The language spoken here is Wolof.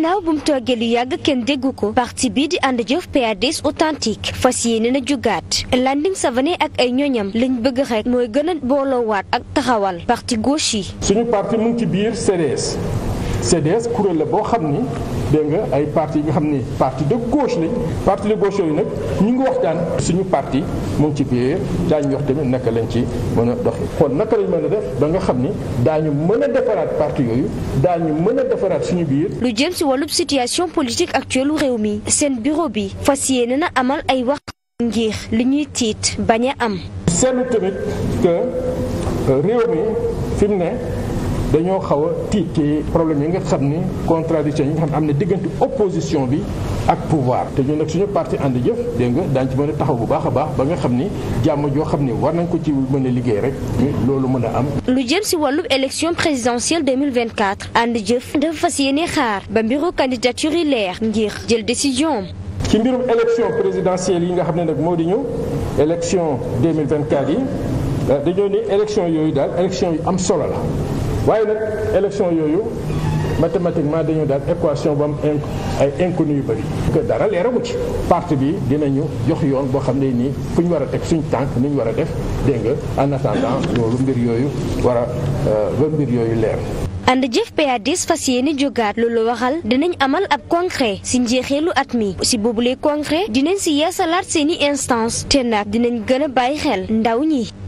naaw bu mu toogee lu yàgg kenn déggu ko parti bii di ànd jëf PADS authentique fas nee na jugaat Landing Savané ak ay ñoñam lañ bëgg rek mooy gën a booloowaat ak taxawal parti gauche yi. suñu parti mu ci biir CDS. CDS kuréel la boo xam ni dégg nga ay parti yi nga xam ni parti de gauche lañ parti de gauche yooyu nag ñu ngi waxtaan suñu parti mu ngi ci biir daañu wax tamit naka lañ ci mën a doxi kon naka lañ mën a def ba nga xam ni daañu mën a defaraat parti yooyu daañu mën a defaraat suñu biir. lu jëm si wàllub situation politique actuelle réew mi seen bureau bi fas yéene na amal ay wax ngir li ñuy tiit bañ am. seetlu tamit que euh, réew mi fi ne. dañoo xaw a tiit ci problème yi nga xam ni contradiction yi nga xam ne am na diggante opposition bi ak pouvoir te ñun nag suñu parti ànd jëf dégg nga daañu ci a taxaw bu baax a baax ba nga xam ni jàmm joo xam ni war nañ ko ci mën a liggéey rek loolu mën a am. lu jëm si wàllub élection présidentielle 2024 ànd jëf dafa fas yéene xaar ba mbiru candidature yi leer ngir jël décision ci mbirum élection présidentielle yi nga xam ne nag moo di ñëw élection 2024 yi euh, dañoo ne élection yooyu daal élection yu am solo la. waaye nag élection yooyu mathématiquement dañu daal équation ba am ay inconnu yu bëri. que dara leeragu ci parti bi dinañu jox yoon boo xam ne nii fu ñu war a teg suñ tànk ni war a def dégg nga en attendant loolu mbir yooyu war a euh, ba mbir yooyu leer. ànd jëf PADS fas yéene jógaat loolu waxal dinañ amal ab congrès ci njeexeelu at mi ci boobule congrès dinañ ci yeesalaat seeni instance te nag dinañ gën a bàyyi xel ndaw ñi.